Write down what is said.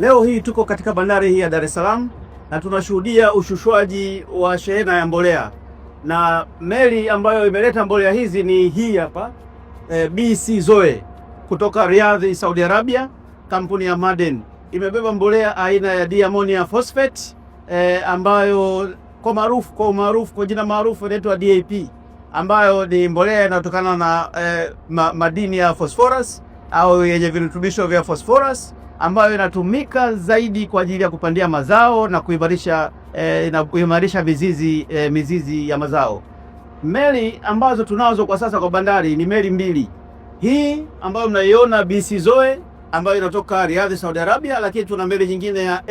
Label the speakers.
Speaker 1: Leo hii tuko katika bandari hii ya Dar es Salaam na tunashuhudia ushushwaji wa shehena ya mbolea na meli ambayo imeleta mbolea hizi ni hii hapa e, eh, BC Zoe kutoka Riyadh, Saudi Arabia, kampuni ya Maden imebeba mbolea aina ya diamonia phosphate e, ambayo kwa maarufu kwa maarufu kwa jina maarufu inaitwa DAP ambayo ni mbolea inayotokana na e, ma, madini ya phosphorus au yenye virutubisho vya phosphorus ambayo inatumika zaidi kwa ajili ya kupandia mazao na kuimarisha eh, na kuimarisha mizizi eh, mizizi ya mazao. Meli ambazo tunazo kwa sasa kwa bandari ni meli mbili, hii ambayo mnaiona BC Zoe ambayo inatoka Riyadh Saudi Arabia, lakini tuna meli nyingine ya